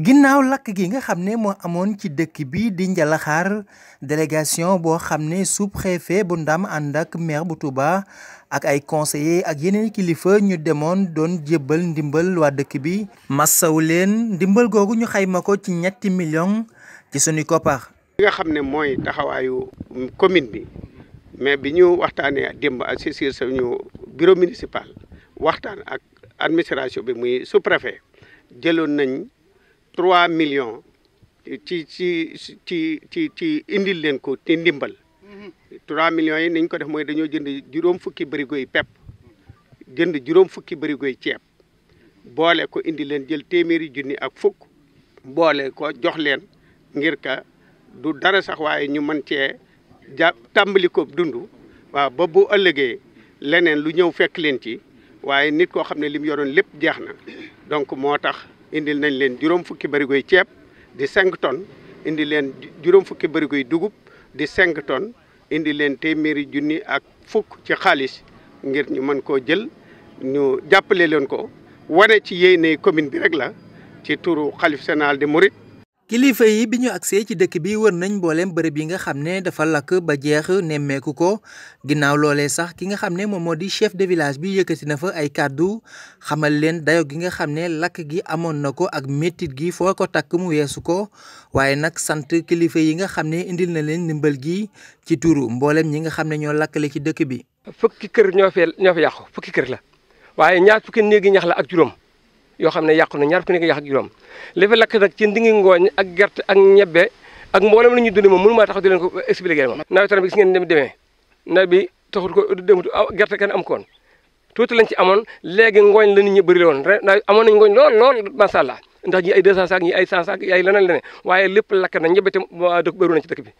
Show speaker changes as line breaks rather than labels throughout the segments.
ginnaaw lakk gi nga xam ne moo amoon ci dëkk bi di Njalaxaar délégation boo xam ne sous-préfet bu Ndam ànd ak maire bu Touba ak ay conseillers ak yeneen kilifa ñu demoon doon jébbal ndimbal waa dëkk bi massawu leen ndimbal googu ñu xayma ko ci ñetti million ci suñu koppar
li nga xam ne mooy taxawaayu commune bi mais bi ñu waxtaanee démb ak saisir suñu bureau municipal waxtaan ak administration bi muy sous-préfet jëloon nañ trois millions ci ci ci ci ci indil leen ko te ndimbal trois millions yi niñ ko def mooy dañoo jënd juróom fukki bërigo yi pepp jënd juróom fukki bërigo yi ceeb boole ko indi leen jël téeméeri junni ak fukk boole ko jox leen ngir ka du dara sax waaye ñu mën cee ja tàmbali ko dund waaw ba bu ëllëgee leneen lu ñëw fekk leen ci waaye nit koo xam ne li yoroon lépp jeex na donc moo tax indil nañ leen juróom fukki barigoy ceeb di cinq tonnes indi leen juróom fukki barigoy dugub di cinq tonnes indi leen téeméeri junni ak fukk ci xaalis ngir ñu mën koo jël ñu jàppale leen ko wane ci yéene commune bi rek la ci turu xalif général de Mouride.
kilifa yi bi ñu agsee ci dëkk bi wër nañ mbooleem bërëb yi nga xam ne dafa lakk ba jeex nemmeeku ko ginnaaw loole sax ki nga xam ne moom moo di chef de village bi yëkkati na fa ay kàddu xamal leen dayo gi nga xam ne lakk gi amoon na ko ak méttit gi foo ko takk mu weesu ko waaye nag sant kilifa yi nga xam ne indil na leen ndimbal gi ci tuuru mboolem ñi nga xam ne ñoo lakkale ci dëkk bi.
fukki kër ñoo fee ñoo fi yàqu fukki kër la waaye ñaar fukki néegi ñax la ak juróom. yoo xam ne yàqu na ñaar ku nekk yàq ak juróom li fi lakk nag ci ndingi ngooñ ak gerte ak ñebbe ak mboolem la ñuy dund moom mënu maa taxaw di leen ko expliquer moom nawetaan bi gis ngeen dem demee nawet bi taxul ko demut gerte kenn am koon tuuti lañ ci amoon léegi ngooñ la nit ñi bëri la woon amoon nañ ngooñ lool lool macha allah ndax ñi ay 200 saak ñi ay 100 saak ay leneen leneen waaye lépp lakk na ñebe tam dëkk bëri na ci dëkk bi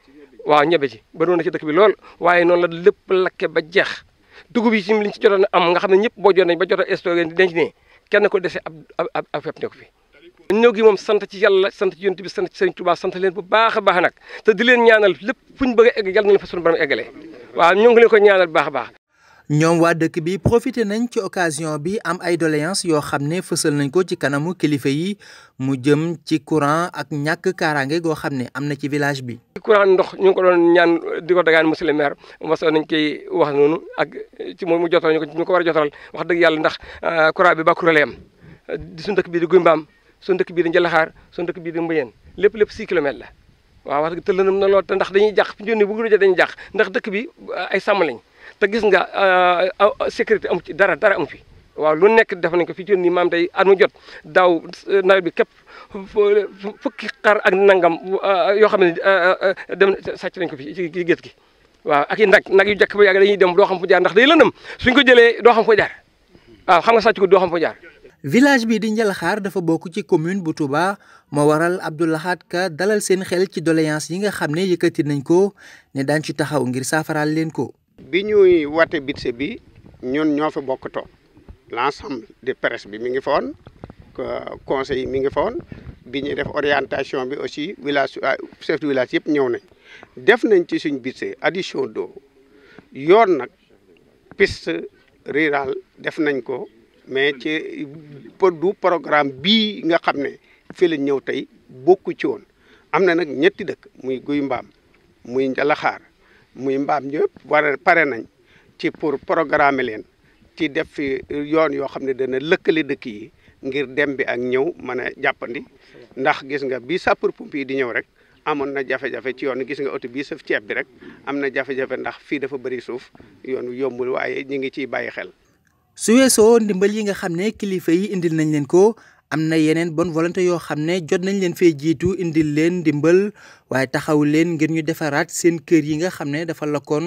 waaw ñebe ji bëri na ci dëkk bi lool waaye noonu la lépp lakke ba jeex dugub yi ci liñ ci jotoon am nga xam ne ñëpp boo jot nañ ba jot a stocké denc nii kenn ko dese ab ab ab fépp nekk fi. ñëw moom sant ci yàlla sant ci yonent bi sant ci Sëriñ Tuubaa sant leen bu baax a baax nag te di leen ñaanal lépp fu ñu bëgg a egg yàlla na leen fa suñu borom eggalee waaw ñoo ngi leen ko ñaanal bu baax a baax
ñoom waa dëkk bi profité nañ ci occasion bi am ay doléance yoo xam ne fësal nañ ko ci kanamu kilifa yi mu jëm ci courant ak ñàkk kaaraange goo xam ne am na ci village bi. ci courant ndox ñu ngi
ko doon ñaan di ko dagaan monsieur le maire mosoon nañ koy wax noonu ak ci moom mu jotal ñu ko ñu ko war a jotal wax dëgg yàlla ndax euh, courant bi Bakura lay am suñu dëkk bii di Gumbaam suñu dëkk bii di Njalaxaar suñu dëkk bii di Mbayeen lépp lépp si kilomètres la waaw wax dëgg tëlënam na lool ndax dañuy jàq fi ñu bu guddi dañuy jàq ndax dëkk bi euh, ay sàmm te gis nga euh, euh, sécurité amu ci dara dara amu fi waaw lu nekk def nañ ko fi ci nii maam day at mu jot daaw euh, nawet bi képp fukki xar ak nangam yoo xam ne dem sàcc nañ ko fi ci géej gi. waaw ak i nag nag yu jëkk ba yàgg dañuy dem doo xam fu jaar ndax day lëndëm suñ ko jëlee doo xam foo jaar waaw xam nga sàcc ko doo xam foo jaar.
village bi di Ndialkhare dafa bokk ci commune bu Touba moo waral Abdou Lahad Ka dalal seen xel ci doléance yi nga xam ne yëkkati nañ ko ne daan ci taxaw ngir saafaraal leen ko.
bi ñuy wate budget bi ñun ñoo fa bokk toog l'ensemble de presse bi mi ngi fa woon conseil yi mi ngi fa bi ñuy def orientation bi aussi village ah, chef de village yëpp ñëw nañ def nañ ci suñ budget addition d'eau yoon nag piste rural def nañ ko mais ci du programme bii nga xam ne fii la ñëw tey bokku ci woon am na nag ñetti dëkk muy guy mbaam muy njalaxaar muy mbaam yëpp war a pare nañ ci pour programmer leen ci def fi yoon yoo xam ne dana lëkkale dëkk yi ngir dem bi ak ñëw mën a jàppandi ndax gis nga bi sapeur pompier yi di ñëw rek amoon na jafe-jafe ci yoon gis nga oto bii saf ceeb bi rek am na jafe-jafe ndax fii dafa bëri suuf yoon yombul waaye ñu ngi ciy bàyyi xel.
su weesoo ndimbal yi nga xam ne kilifa yi indil nañ leen ko. am na yeneen bonne volonté yoo xam ne jot nañ leen fee jiitu indil leen dimbal waaye taxaw leen ngir ñu defaraat seen kër yi nga xam ne dafa lakkoon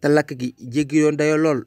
te lakk gi jéggi yoon dayoo lool